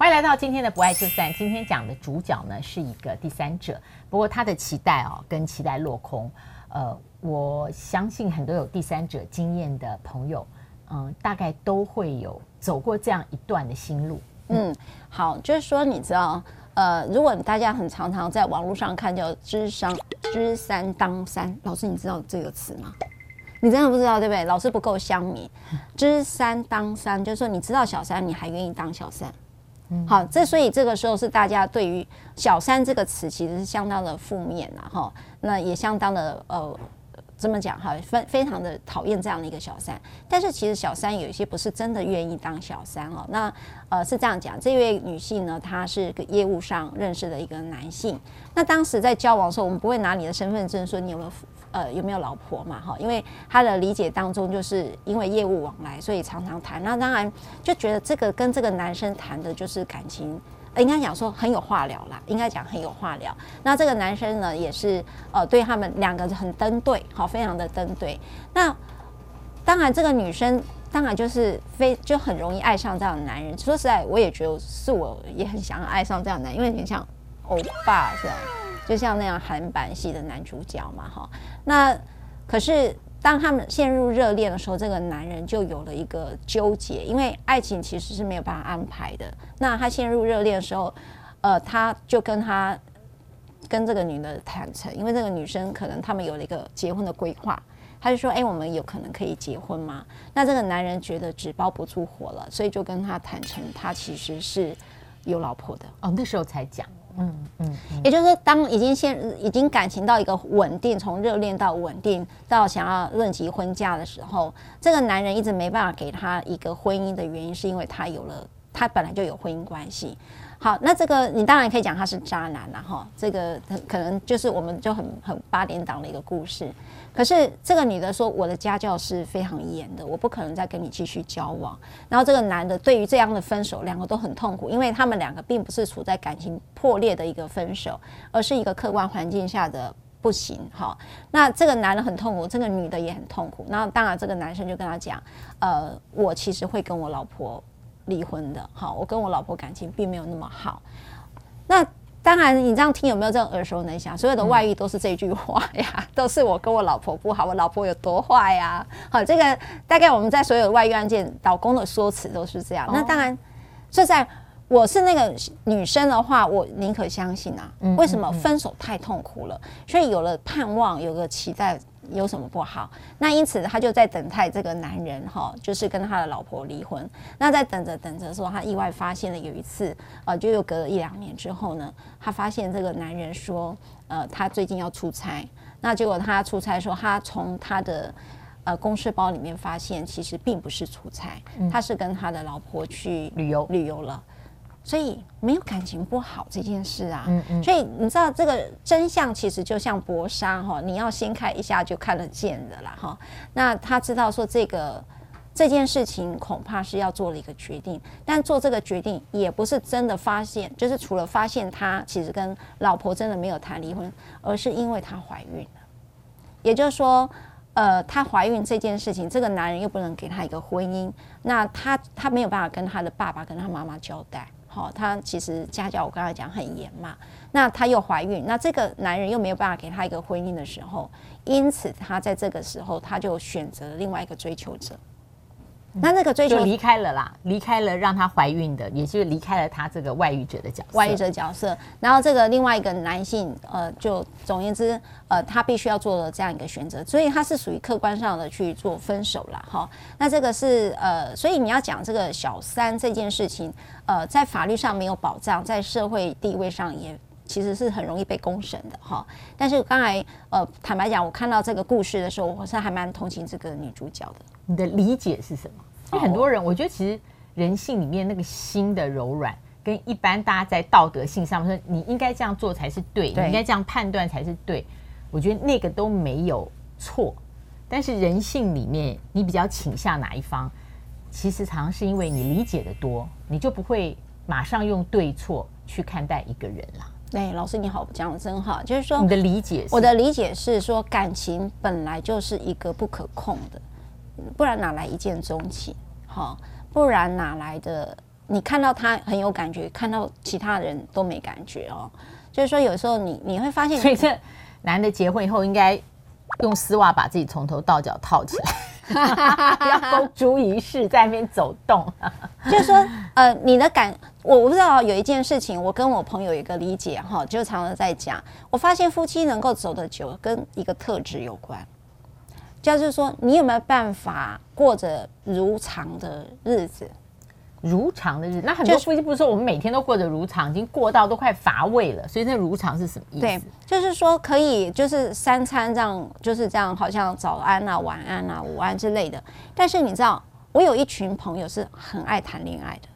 歡迎來到今天的《不愛就散》。今天講的主角呢是一個第三者，不過他的期待哦跟期待落空。呃，我相信很多有第三者經驗的朋友，嗯、呃，大概都會有走過這樣一段的心路。嗯，嗯，好，就是說你知道，呃，如果大家很常常在網絡上看叫“知商知三當三”老師你知道這個詞嗎？你真的不知道對不對？老師不夠鄉民，“知三當三”就是說你知道小三，你還願意當小三。嗯、好，這所以這個時候是大家對於“小三”這個詞其實是相當的負面啦哈，那也相當的呃。這麼講哈，非非常的討厭這樣的一個小三。但是其實小三有一些不是真的願意當小三哦。那呃是這樣講，這位女性呢，她是個業務上認識的一個男性。那當時在交往的時候，我們不會拿你的身份證說你有了呃有沒有老婆嘛哈、哦？因為她的理解當中，就是因為業務往來，所以常常談。那當然就覺得這個跟這個男生談的就是感情。應該講說很有話聊啦，應該講很有話聊。那這個男生呢，也是呃，對他們兩個很登對，好，非常的登對。那當然，這個女生當然就是非就很容易愛上這樣的男人。說實在，我也覺得是我也很想要愛上這樣的男人，因為你像歐巴是吧？就像那樣韓版系的男主角嘛，哈。那可是。當他們陷入熱戀的時候，這個男人就有了一個糾結，因為愛情其實是沒有辦法安排的。那他陷入熱戀的時候，呃，他就跟他跟這個女的坦誠，因為這個女生可能他們有了一個結婚的規劃，他就說：“哎，我們有可能可以結婚嗎？”那這個男人覺得紙包不住火了，所以就跟他坦誠，他其實是有老婆的。哦，那時候才講。嗯嗯，嗯嗯，也就是說，當已經先已經感情到一個穩定，從熱戀到穩定，到想要論及婚嫁的時候，這個男人一直沒辦法給她一個婚姻的原因，是因為他有了。他本來就有婚姻關係，好，那這個你當然可以講他是渣男了哈。這個可能就是我們就很很八點檔的一個故事。可是這個女的說：“我的家教是非常嚴的，我不可能再跟你繼續交往。”然後這個男的對於這樣的分手，兩個都很痛苦，因為他們兩個並不是處在感情破裂的一個分手，而是一個客觀環境下的不行哈。那這個男的很痛苦，這個女的也很痛苦。然後當然這個男生就跟他講：“呃，我其實會跟我老婆。”離婚的，哈，我跟我老婆感情並沒有那麼好。那當然，你這樣聽有沒有這種耳熟能詳？所有的外遇都是這句話呀，都是我跟我老婆不好，我老婆有多壞呀？好，這個大概我們在所有外遇案件，老公的說辭都是這樣。哦，那當然，就在我是那個女生的話，我寧可相信啊。為什麼分手太痛苦了？所以有了盼望，有個期待。有什麼不好？那因此他就在等待這個男人哈，就是跟他的老婆離婚。那在等着等着說，他意外發現了有一次，啊、呃，就又隔了一兩年之後呢，他發現這個男人說，呃，他最近要出差。那結果他出差的時候，他從他的呃公事包裡面發現，其實並不是出差，他是跟他的老婆去旅遊旅遊了。嗯所以沒有感情不好這件事啊，所以你知道這個真相其實就像薄紗哈，你要掀開一下就看得見的啦哈。那他知道說這個這件事情恐怕是要做了一個決定，但做這個決定也不是真的發現，就是除了發現他其實跟老婆真的沒有談離婚，而是因為她懷孕了。也就是說，呃，她懷孕這件事情，這個男人又不能給她一個婚姻，那他他沒有辦法跟他的爸爸跟他媽媽交代。好，她、哦、其實家教我剛才講很嚴嘛，那她又懷孕，那這個男人又沒有辦法給她一個婚姻的時候，因此她在這個時候，她就選擇了另外一個追求者。那那個追求離開了啦，離開了讓她懷孕的，也就是離開了她這個外遇者的角色。外遇者角色，然後這個另外一個男性，呃，就總言之，呃，他必須要做了這樣一個選擇，所以他是屬於客觀上的去做分手了哈。那這個是呃，所以你要講這個小三這件事情，呃，在法律上沒有保障，在社會地位上也其實是很容易被公審的哈。但是剛才呃，坦白講，我看到這個故事的時候，我是還蠻同情這個女主角的。你的理解是什麼？Oh. 因為很多人，我覺得其實人性裡面那個心的柔軟，跟一般大家在道德性上面說你應該這樣做才是對，對你應該這樣判斷才是對，我覺得那個都沒有錯。但是人性裡面，你比較傾向哪一方，其實常常是因為你理解的多，你就不會馬上用對錯去看待一個人了。對、欸，老師你好，講的真好，就是說你的理解是，我的理解是說，感情本來就是一個不可控的。不然哪來一見鍾情？哈、哦，不然哪來的？你看到他很有感覺，看到其他人都沒感覺哦。就是說，有時候你你會發現，所以這男的結婚以後應該用絲襪把自己從頭到腳套起來， 不要公諸於世在那邊走動 就是說，呃，你的感，我不知道有一件事情，我跟我朋友有一個理解哈、哦，就常常在講，我發現夫妻能夠走得久，跟一個特質有關。就是說，你有沒有辦法過着如常的日子？如常的日子，那很多夫妻不是說我們每天都過着如常，已經過到都快乏味了。所以那如常是什麼意思？對，就是說可以就是三餐這樣，就是這樣，好像早安啊、晚安啊、午安之類的。但是你知道，我有一群朋友是很愛談戀愛的。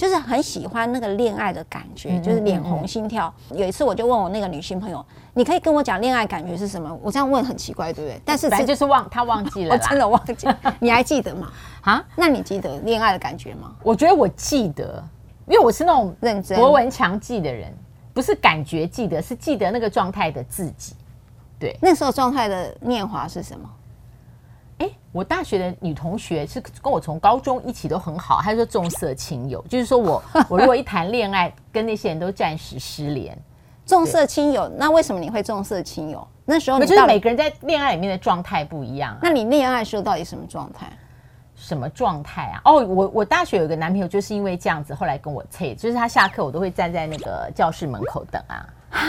就是很喜歡那個戀愛的感覺，嗯、就是臉紅心跳。嗯、有一次我就問我那個女性朋友：“嗯、你可以跟我講戀愛感覺是什麼？”我這樣問很奇怪，對不對？但是這就是忘，他忘記了， 我真的忘記了， 你還記得嗎？啊、那你記得戀愛的感覺嗎？我覺得我記得，因為我是那種認真、博聞強記的人，不是感覺記得，是記得那個狀態的自己。對，那時候狀態的念華是什麼？欸、我大學的女同學是跟我從高中一起都很好，她說重色輕友。就是說我我如果一談戀愛， 跟那些人都暫時失聯，重色輕友。那為什麼你會重色輕友？那時候你知道每個人在戀愛裡面的狀態不一樣。啊。那你戀愛的時候到底什麼狀態？什麼狀態啊？哦、oh，我我大學有一個男朋友就是因為這樣子，後來跟我催，就是他下課我都會站在那個教室門口等啊。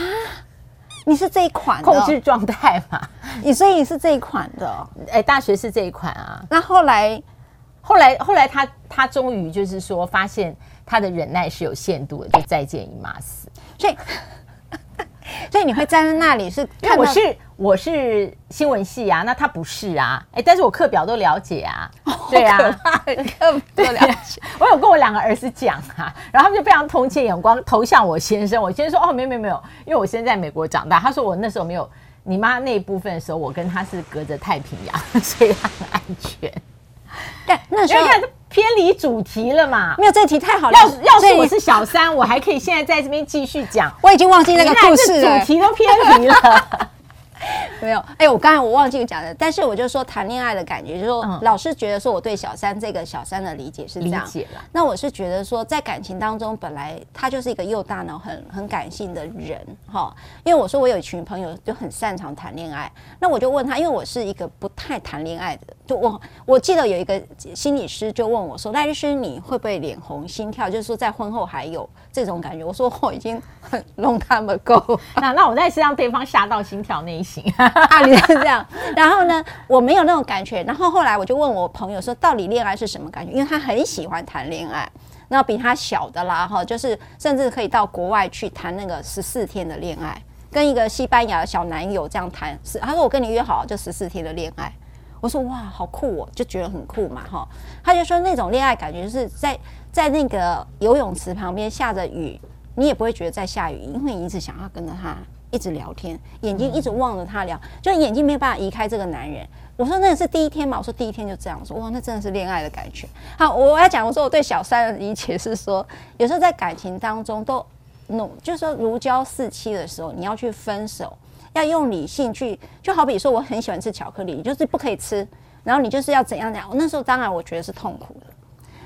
你是這一款控制狀態嘛？你所以你是這一款的。哎，大學是這一款啊。那後來，後來，後來，後來，他他終於就是說，發現他的忍耐是有限度的，就再見姨媽死。所以， 所以你會站在那裡是看我是我是新聞系啊，那他不是啊。哎、欸，但是我課表都了解啊。對啊呀，很不了解、啊。我有跟我兩個兒子講啊，然後他們就非常同情眼光投向我先生。我先生說：“哦，沒有沒有沒有，因為我先生在，在美國長大。”他說：“我那時候沒有你媽那一部分的時候，我跟她是隔着太平洋，所以她很安全。但”但那時候因為偏離主題了嘛？沒有，這題太好。要要是我是小三，以我還可以現在在這邊繼續講。我已經忘記來那個故事了，主題都偏離了。 有沒有，哎、欸，我剛才我忘記講了，但是我就說談戀愛的感覺，就是說，老師覺得說我對小三這個小三的理解是這樣，理解，那我是覺得說在感情當中，本來他就是一個右大腦很很感性的人，哈，因為我說我有一群朋友就很擅長談戀愛，那我就問他，因為我是一個不太談戀愛的。我我記得有一個心理師就問我說：“賴律師，你會不會臉紅心跳？就是說在婚後還有這種感覺？”我說：“我、喔、已經很 long time ago 了，那那我再是讓對方嚇到心跳那一型啊，你是這樣。然後呢，我沒有那種感覺。然後後來我就問我朋友說：到底戀愛是什麼感覺？因為他很喜歡談戀愛。那比他小的啦哈，就是甚至可以到國外去談那個十四天的戀愛，跟一個西班牙的小男友這樣談。是他說我跟你約好就十四天的戀愛。”我說哇，好酷哦，就覺得很酷嘛，哈。他就說那種戀愛感覺，就是在在那個游泳池旁邊下着雨，你也不會覺得在下雨，因為你一直想要跟着他一直聊天，眼睛一直望着他聊，嗯、就眼睛沒有辦法離開這個男人。我說那是第一天嘛，我說第一天就這樣，我說，哇，那真的是戀愛的感覺。好，我要講，我說我對小三的理解是說，有時候在感情當中都，no, 就是說如膠似漆的時候，你要去分手。要用理性去，就好比說，我很喜歡吃巧克力，你就是不可以吃，然後你就是要怎樣講？我那時候當然我覺得是痛苦的，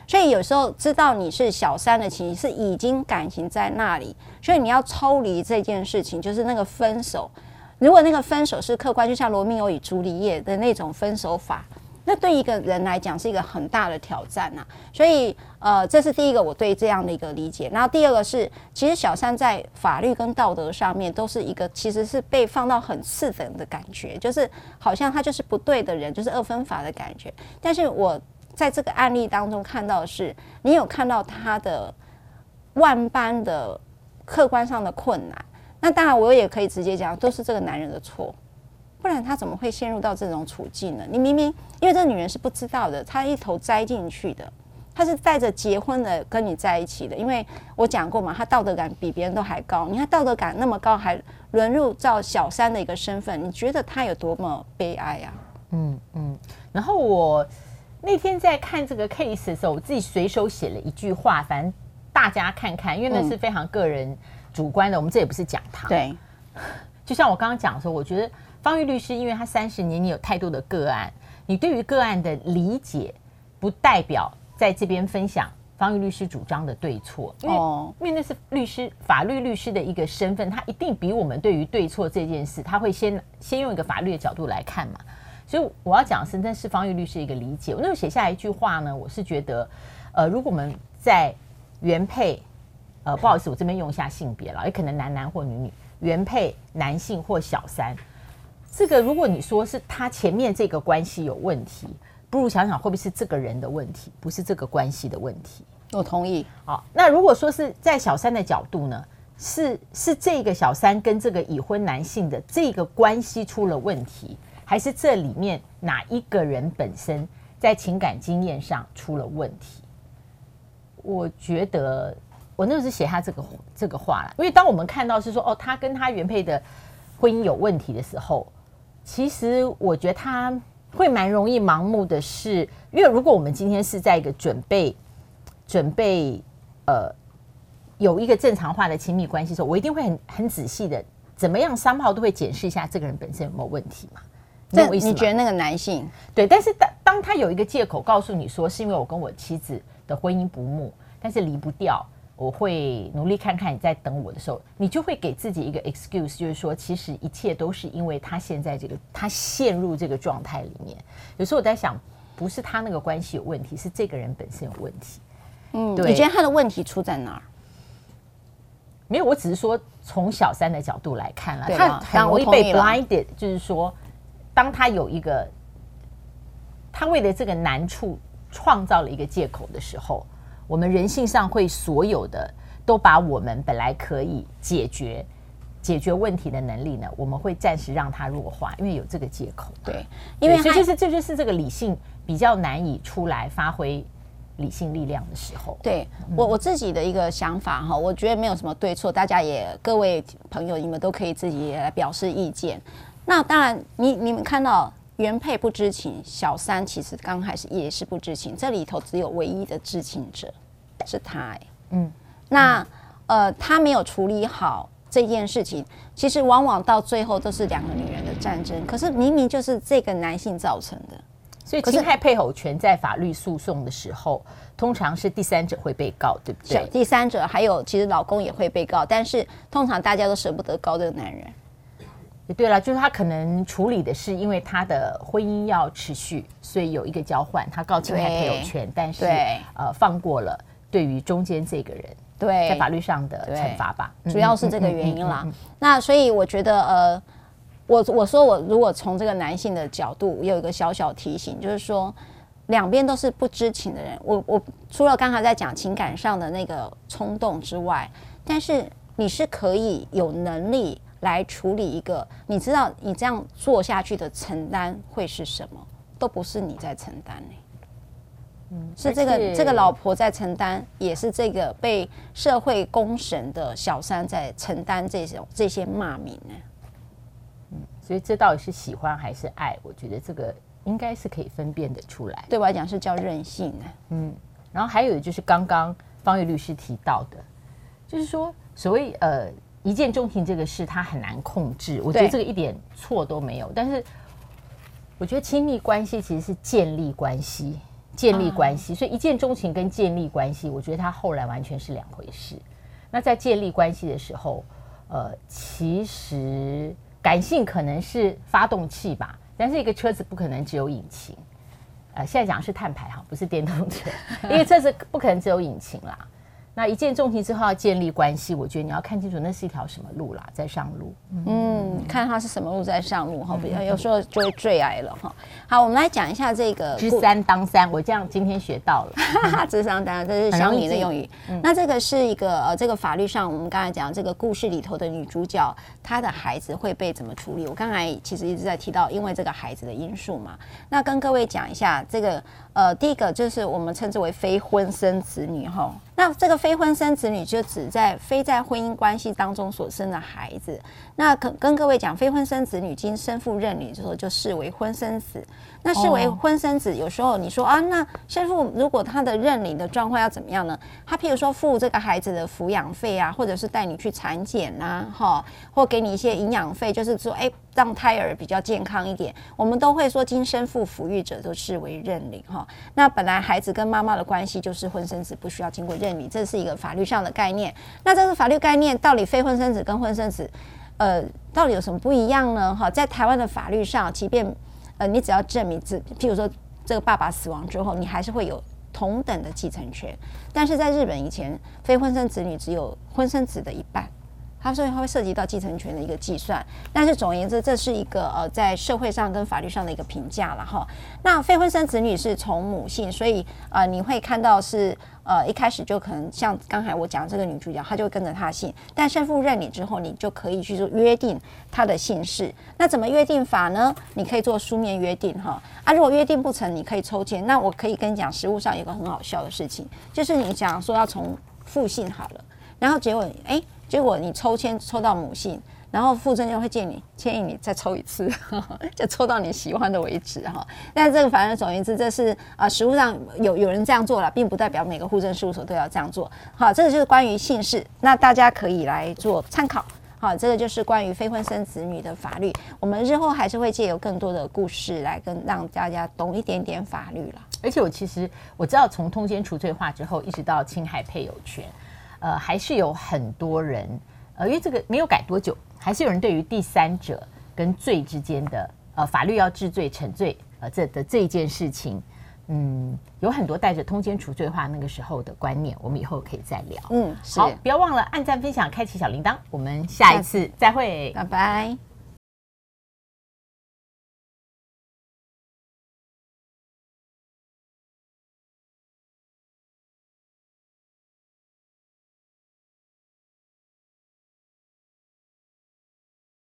所以有時候知道你是小三的情形是已經感情在那裡，所以你要抽離這件事情，就是那個分手。如果那個分手是客觀，就像羅密歐與朱麗葉的那種分手法，那對一個人來講是一個很大的挑戰吶啊，所以，呃，這是第一個我對這樣的一個理解。然後第二個是，其實小三在法律跟道德上面都是一個，其實是被放到很次等的感覺，就是好像他就是不對的人，就是二分法的感覺。但是我在這個案例當中看到的是，你有看到他的萬般的客觀上的困難，那當然我也可以直接講，都是這個男人的錯。不然他怎麼會陷入到這種處境呢？你明明因為這女人是不知道的，她一頭栽進去的，她是帶着結婚的跟你在一起的。因為我講過嘛，她道德感比別人都還高。你看道德感那麼高，還淪入到小三的一個身份，你覺得她有多麼悲哀啊？嗯嗯。然後我那天在看這個 case 的時候，我自己隨手寫了一句話，反正大家看看，因為那是非常個人主觀的。嗯、我們這也不是講他，對。就像我剛剛講的時候，我覺得。芳玉律師，因為他三十年你有太多的個案，你對於個案的理解，不代表在這邊分享芳玉律師主張的對錯，因為，哦、因為那是律師，法律律師的一個身份，他一定比我們對於對錯這件事，他會先先用一個法律的角度來看嘛。所以我要講的是，這是芳玉律師的一個理解，我那時候寫下一句話呢，我是覺得，呃，如果我們在原配，呃，不好意思，我這邊用一下性別了，也可能男男或女女，原配男性或小三。這個，如果你說是他前面這個關係有問題，不如想想會不會是這個人的問題，不是這個關係的問題。我同意。好、哦，那如果說是在小三的角度呢，是是這個小三跟這個已婚男性的這個關係出了問題，還是這裡面哪一個人本身在情感經驗上出了問題？我覺得我那時候寫他這個這個話啦，因為當我們看到是說哦，他跟他原配的婚姻有問題的時候。其實我覺得他會蠻容易盲目的是，因為如果我們今天是在一個準備準備呃有一個正常化的親密關係的時候，我一定會很很仔細的怎麼樣 somehow 都會檢視一下這個人本身有沒有問題嘛。那這你，你覺得那個男性對？但是當當他有一個借口告訴你說是因為我跟我妻子的婚姻不睦，但是離不掉。我會努力看看，你在等我的時候，你就會給自己一個 excuse，就是說，其實一切都是因為他現在這個，他陷入這個狀態裡面。有時候我在想，不是他那個關係有問題，是這個人本身有問題。嗯，對。你覺得他的問題出在哪兒？沒有，我只是說從小三的角度來看了，他很容易被 blinded，就是說，當他有一個他為了這個難處創造了一個借口的時候。我們人性上會所有的都把我們本來可以解決解決問題的能力呢，我們會暫時讓它弱化，因為有這個借口啊。對，因為這就是這就,就是這個理性比較難以出來發揮理性力量的時候。對，嗯，我我自己的一個想法哈，我覺得沒有什麼對錯，大家也各位朋友你們都可以自己來表示意見。那當然你，你你們看到。原配不知情，小三其實剛開始也是不知情，這裡頭只有唯一的知情者是他、欸。嗯，那嗯呃，他沒有處理好這件事情，其實往往到最後都是兩個女人的戰爭。可是明明就是這個男性造成的，所以可是侵害配偶權在法律訴訟的時候，是通常是第三者會被告，對不對？第三者還有其實老公也會被告，但是通常大家都捨不得告這個男人。也對了，就是他可能處理的是，因為他的婚姻要持續，所以有一個交換，他告侵害配偶權，對但是對呃放過了對於中間這個人，對，在法律上的懲罰吧，嗯、主要是這個原因啦。嗯嗯嗯嗯嗯、那所以我覺得呃，我我說我如果從這個男性的角度，我有一個小小提醒，就是說兩邊都是不知情的人，我我除了剛才在講情感上的那個衝動之外，但是你是可以有能力。來處理一個，你知道你這樣做下去的承擔會是什麼？都不是你在承擔呢，嗯，是這個這個老婆在承擔，也是這個被社會公審的小三在承擔這種這些罵名呢、啊。嗯，所以這到底是喜歡還是愛？我覺得這個應該是可以分辨得出來。對我來講是叫任性呢、啊。嗯，然後還有就是剛剛芳玉律師提到的，就是說所謂呃。一見鍾情這個事，他很難控制。我覺得這個一點錯都沒有。對但是，我覺得親密關係其實是建立關係，建立關係。啊、所以一見鍾情跟建立關係，我覺得他後來完全是兩回事。那在建立關係的時候，呃，其實感性可能是發動器吧，但是一個車子不可能只有引擎。呃，現在講的是碳排哈，不是電動車，因為 車子不可能只有引擎啦。那一見鍾情之後要建立關係，我覺得你要看清楚那是一條什麼路啦，在上路。嗯，嗯，看它是什麼路在上路哈，不要、嗯嗯、有時候就會最愛了哈。嗯、好，我們來講一下這個知三當三，我這樣今天學到了，哈、嗯、哈，知三當三這是小語的用語。嗯、那這個是一個、呃、這個法律上我們剛才講這個故事裡頭的女主角，她的孩子會被怎麼處理？我剛才其實一直在提到因為這個孩子的因素嘛。那跟各位講一下這個。呃，第一個就是我們稱之為非婚生子女哈，那這個非婚生子女就指在非在婚姻關係當中所生的孩子。那跟跟各位講，非婚生子女經生父認領之後，就視為婚生子。那視為婚生子，哦、有時候你說啊，那生父如果他的認領的狀況要怎麼樣呢？他譬如說付這個孩子的撫養費啊，或者是帶你去產檢吶、啊，哈，或給你一些營養費，就是說，哎、欸。讓胎兒比較健康一點，我們都會說，經生父撫育者都視為認領哈。那本來孩子跟媽媽的關係就是婚生子，不需要經過認領，這是一個法律上的概念。那這個法律概念到底非婚生子跟婚生子，呃，到底有什麼不一樣呢？哈，在台灣的法律上，即便呃你只要證明自譬如說這個爸爸死亡之後，你還是會有同等的繼承權。但是在日本以前，非婚生子女只有婚生子的一半。它是會涉及到繼承權的一個計算，但是總而言之，這是一個呃，在社會上跟法律上的一個評價了哈。那非婚生子女是從母姓，所以啊、呃，你會看到是呃，一開始就可能像剛才我講這個女主角，她就跟着她姓。但生父認你之後，你就可以去做約定他的姓氏。那怎麼約定法呢？你可以做書面約定哈。啊，啊，如果約定不成，你可以抽籤。那我可以跟你講，實務上有個很好笑的事情，就是你想說要從父姓好了，然後結果哎。結果你抽籤抽到母姓，然後戶政就會建議你建議你再抽一次呵呵，就抽到你喜歡的為止哈。那這個反正總而言之，這是啊、呃，實務上有有人這樣做了，並不代表每個戶政事務所都要這樣做。好，這個就是關於姓氏，那大家可以來做參考。好，這個就是關於非婚生子女的法律，我們日後還是會借由更多的故事來跟讓大家懂一點點法律了。而且我其實我知道，從通姦除罪化之後，一直到侵害配偶權。呃，還是有很多人，呃，因為這個沒有改多久，還是有人對於第三者跟罪之間的呃法律要治罪、懲罪，呃，這的這一件事情，嗯，有很多帶着通奸除罪化那個時候的觀念，我們以後可以再聊。嗯，好，不要忘了按讚、分享、開啟小鈴鐺，我們下一次再會，拜拜。